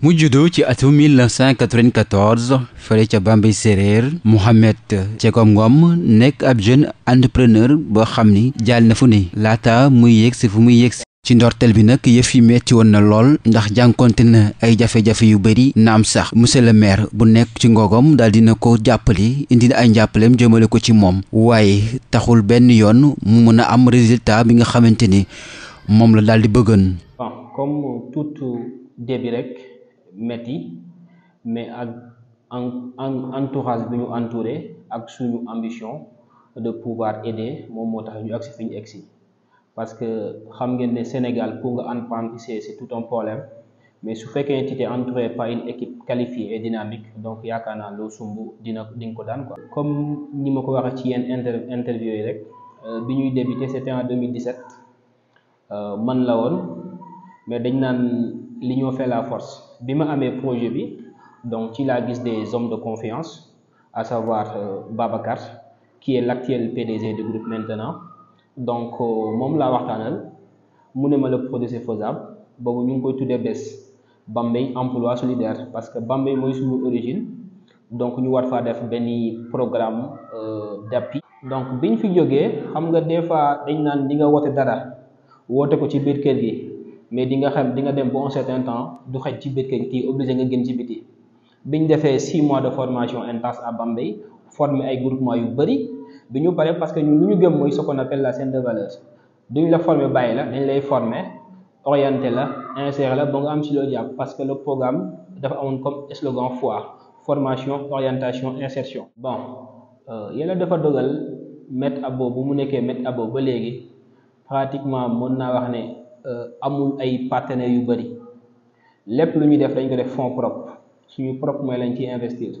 mu juddu ci atum 1994 fële ca Bambey séeréer Mohamed Cekom Ngom nekk ab jeune entrepreneur boo xam ni jaal na fu ne laata muy yegg si fu muy yegg si ci ndorteel bi nag yëf yi metti woon na lool ndax jànkonte na ay jafe-jafe yu bëri naam sax monsieur le maire bu nekk ci ngogom daal dina ko jàppale indi na ay njàppaleem jëmale ko ci moom waaye taxul benn yoon mu mën a am résultat bi nga xamante ni moom la daal di bëggoon. metti mais ak en entourage bi ñu entouré ak suñu ambition de pouvoir aider mon motax à ñu agsi fi parce que xam ngeen né Sénégal pour nga c'est c'est tout un problème mais su fekkee tu entouré par une équipe qualifiée et dynamique donc yaakaar naa loo sumb dina di ko daan quoi. comme ni ma ko waxee ci yenn interview yi rek euh, bi ñuy débuté c'était en 2017 euh, man la woon mais dañ naan l'union fait la force Bima ma mes projet bi donc il laa des hommes de confiance à savoir euh, Babacar qui est l'actuel PDG du groupe maintenant donc euh, moom la waxtaanal mu ne ma le projet faisable boobu ñu ngi koy tuddee bés Bambey emploi solidaire parce que Bambay est suñu origine donc nous war faire def programme euh, d'appui donc biñ fi jógee xam nga des fois dañ naan di nga woote dara woote ko ci biir kër mais di nga xam di nga dem ba un certain temps du xaj ci biir kii obligé nga gën ci biti biñ defee six mois de formation intense à Bambey formé ay groupement yu bari bi ñu pare parce que ñun lu ñu gëm mooy ce qu'on appelle la chaîne de valeur duñ la former bàyyi la dañ lay former orienté la insérer la ba nga am ci loo jàpp parce que le programme dafa amoon comme slogan foire formation orientation insertion. bon euh, yàlla dafa dogal Met Abo bu mu nekkee Met Abo ba léegi pratiquement mën naa wax ne. Euh, amul ay partenaire yu bari lepp lu ñuy def dañ ko def fonds propre suñu propre mooy lañ ci investir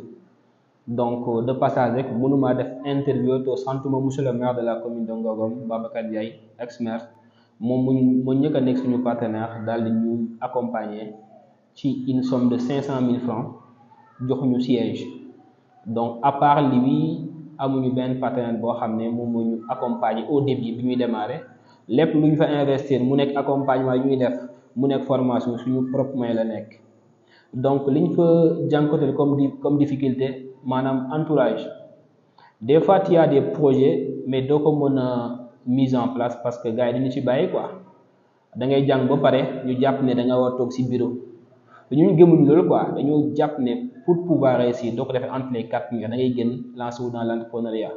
donc euh, de passage rek mënuma def interview to santuma monsieur le maire de la commune de Ngogom Babacar ex-maire moom mu mu suñu partenaire daal di ñu accompagner ci une somme de 500 francs mille francs joxuñu siège donc à part lui amuñu benn partenaire boo xam ne moom moo ñu accompagner au début bi ñuy démarrer lépp lu fa investir mu nekk accompagnement yu ñuy def mu nekk formation suñu propre moyen la nekk donc liñ fa jànkonteel comme di comme difficulté maanaam entourage des fois il y a des projets mais doo ko mën a mise en place parce que gars yi dañu ci bàyyi quoi da ngay jàng ba pare ñu jàpp ne da nga war toog ci bureau ñun gëmuñu loolu quoi dañu jàpp ne pour pouvoir réussir doo ko defee entre les quatre murs da ngay gën lancer wu dans l'entrepreneuriat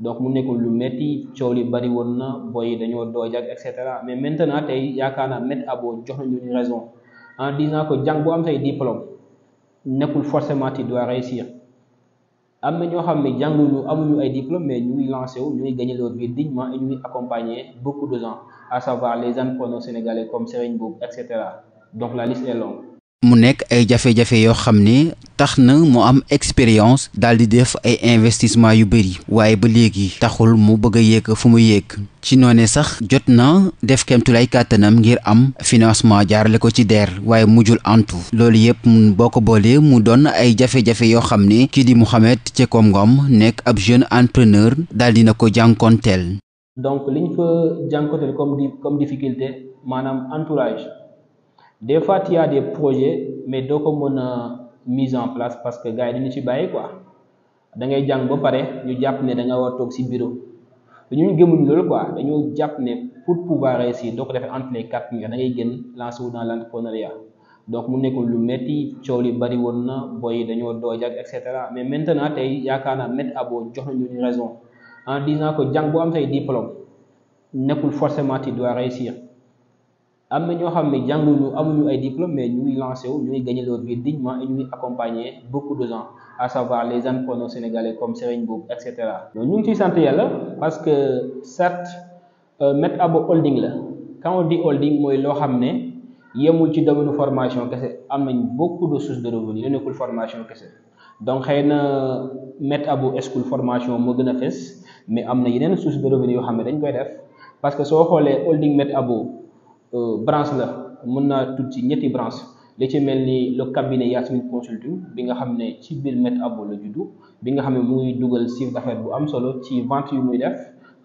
donc mu nekkoon lu metti coow li bari woon na booy dañoo dooj ak et cetera mais maintenant tey yaakaar naa Maître Abo jox nañu une raison en disant que jàng bu am say diplôme nekkul forcément tu dois réussir am na ñoo xam ne jànguñu amuñu ay diplôme mais ñu ngi lancé wu ñu ngi gagné leur vie dignement et ñu ngi accompagner beaucoup de gens à savoir les entrepreneurs sénégalais comme Serigne Boub et cetera donc la liste est longue. mu nekk ay jafe-jafe yoo xam ne tax na mu am expérience daal di def ay investissement yu bëri waaye ba léegi taxul mu bëgg a yéeg fu mu yéeg ci noone sax jot na def kemtulay kàttanam ngir am financement jaarale ko ci DER waaye mujjul antu loolu yëpp boo ko boolee mu doon ay jafe-jafe yoo xam ne kii di Mouhamed Cekom Ngom nekk ab jeune entrepreneur daal dina ko jànkoonteel donc liñ fa jànkoonteel comme comme difficulté entourage des fois tu as des projets mais donc on mën a mise en place parce que gars yi dañu ci bàyyi quoi da ngay jambes ba pare ñu jàpp ne da nga war toog si bureau ñun gëmuñu loolu quoi dañoo jàpp ne pour pouvoir réussir doo ko defee entre les quatre mille. da ngay gën lancer dans l'entrepreneuriat. donc mu nekkoon lu metti coow li bari woon boy booy dañoo dooj etc mais maintenant tey yaakaar naa Maître Abo jox nañu une raison en disant que jàng bu am say diplôme nekkul forcément tu dois réussir am na ñoo xam ne jànguñu amuñu ay diplôme mais ñu ngi lancé wu ñu ngi gagné leur vie dignement et ñu ngi beaucoup de gens à savoir les entrepreneurs sénégalais comme Serigne Boub et cetera. ñu ngi ciy sant yàlla parce que certes euh, metabo holding la quand on dit holding mooy loo xam ne yemul ci domaine formation kese am nañ beaucoup de sources de revenus yu nekkul formation kese donc xëy na euh, Medabo school formation moo gën a fës mais am na yeneen sources de revenus yoo xam ne dañ koy def parce que soo xoolee holding metabo euh, branche la mën naa tudd ci ñetti branche li ci mel ni le cabinet Yasmine Consulting bi nga xam ne ci biir Met Abo la juddu bi nga xam ne mu ngi dugal chiffre d'affaires bu am solo ci vente yu muy def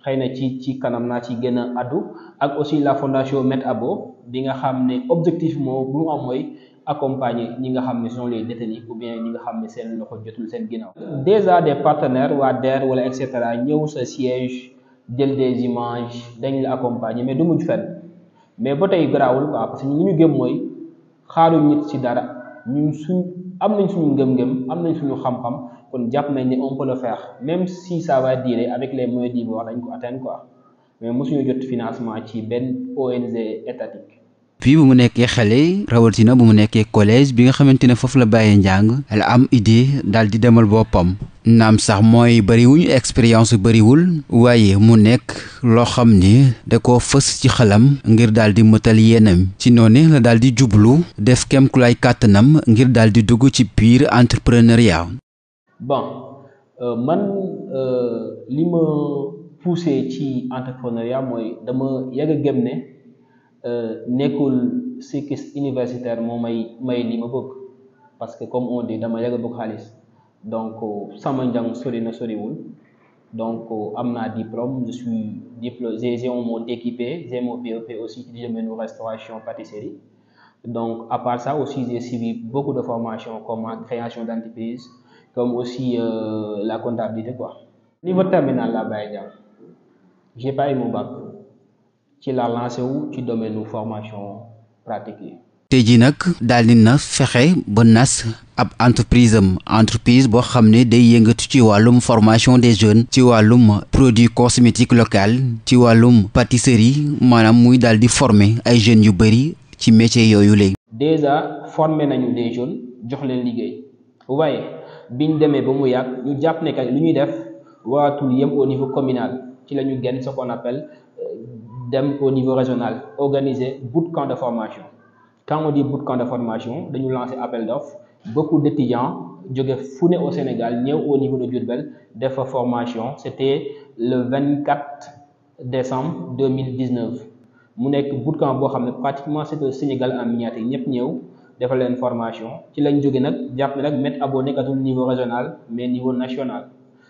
xëy na ci ci kanam naa ci gën a addu ak aussi la fondation Met Abo bi nga xam ne objectif moo bu mu am mooy accompagner ñi nga xam ne sont les détenus ou bien ñi nga xam ne seen loxo jotul seen ginnaaw. déjà des partenaires waa DER wala et cetera ñëw sa siège jël des images dañ la accompagner mais du mujj fenn mais ba tey garaawul quoi parce que li ñu gëm mooy xaaru nit ci dara ñun suñ am nañ suñu am nañ xam-xam kon nañ ne on peut le faire même si ça va durer avec les moyens atteindre quoi mais jot financement ci ONG étatique puis bu mu nekkee xale rawatina bu mu nekkee collège bi nga xamante ne foofu la bàyyee njàng la am idée daal di demal boppam naam sax mooy bëriwuñu expérience bëriwul waaye mu nekk loo xam ni da ko fës ci xelam ngir daal di mëtal yéenam ci noonu la daal di jublu def kem ku lay kàttanam ngir daal di dugg ci piir entrepreneuriat. Euh, man euh, li ma poussé ci entrepreneuriat mooy dama yàgg a ne. Euh, nekul cycle universitaire moo may may li ma parce que comme on dit dama yàgg a bëgg xaalis donc euh, sama njàng sori na wul donc euh, amna diplôme je suis diplôme j'ai mon équipé. j'ai mon BEP e aussi ci en restauration pâtisserie donc à part ça aussi j'ai suivi beaucoup de formations comme en création d'entreprise comme aussi la comptabilité quoi niveau terminal là bas je j'ai pas eu mon bac ci la lancé wu ci domaine formation pratique yi. nak jii nag daal di na ba ab entreprise entreprise bo xamné day yëngatu ci walum formation des jeunes ci walum produit cosmétique local ci walum pâtisserie manam muy daldi former ay jeunes yu bari ci métier yoyu léegi. déjà formé nañu des jeunes jox leen liggéey waaye biñ démé ba mu yàgg ñu japp né kay lu ñuy def waatul yëm au niveau communal ci lañu genn ce qu'on appelle. Euh, dem au niveau régional organiser bootcamp de formation quand on dit bootcamp de formation nous lancer appel d'offres beaucoup d'étudiants jóge founé au Sénégal ni au niveau de pour faire une formation c'était le 24 décembre 2019 mu nekk bootcamp de xam pratiquement c'est le Sénégal en miniature ñëpp ñëw defal formation nous lañ fait nag jàpp ne nag au niveau régional mais niveau national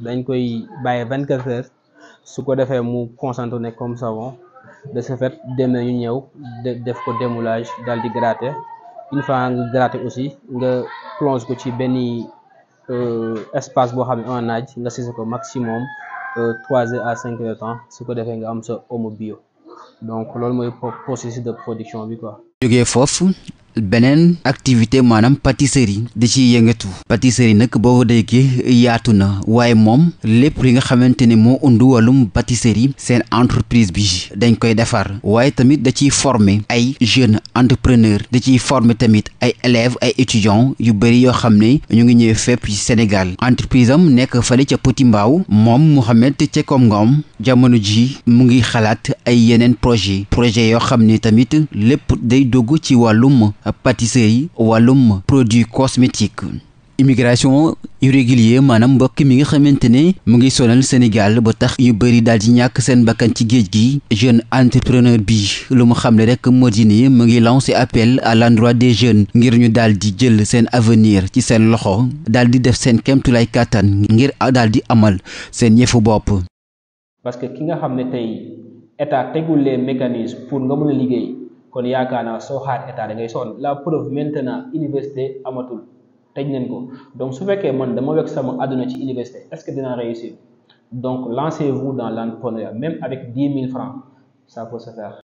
dañ koy bàyyi 24 heures su ko defee mu concentré ne comme savon de ce fait demee ñu ñëw def ko démoulage dal di gratter une fois nga gratter aussi nga plonge ko ci benn euh, espace boo xam ne en naaj nga sise ko maximum euh, trois heures à cinq heures temps su ko defee nga am sa omo bio donc loolu mooy processus de production bi quoi. jógee foofu beneen activité manam pâtisserie di ci yëngatu pâtisserie nag boobu déggee yaatu na mom moom lépp li nga xamante mo moo undu wàllum pâtisserie sen entreprise bi dañ koy defar waaye tamit da ci former ay jeunes entrepreneurs da ci former tamit ay élèves ay étudiants yu bari yo xamné ñu ngi ñëw fépp ci Sénégal entreprise am nek fële ci Petit Mbao mom Mohamed Cekom Ngom jamono ji mu ngi y ay yenen projet projet yo xamné tamit pot day dogu ci wàllum pâtisserie wàllum produits cosmétiques. immigration irrégulier manam bokki mi nga xamantene mu ngi sonal Sénégal ba tax yu bëri daal di seen jeune entrepreneur bi lu mu xamle rek modini di ngi lancer appel à l'endroit des jeunes ngir ñu daal jël seen avenir ci seen loxo daal di def seen kéemtulaay ngir amal seen yëfu bop parce que ki nga xam à état pour nga mëna kon yaakaar naa soo xaar état da ngay sonn la preuve maintenant université amatul tëj nañ ko donc su fekkee man dama wekk sama aduna ci université est-ce que dinaa réussir donc lancez-vous dans l'entrepreneuriat même avec dix mille francs ça peut se faire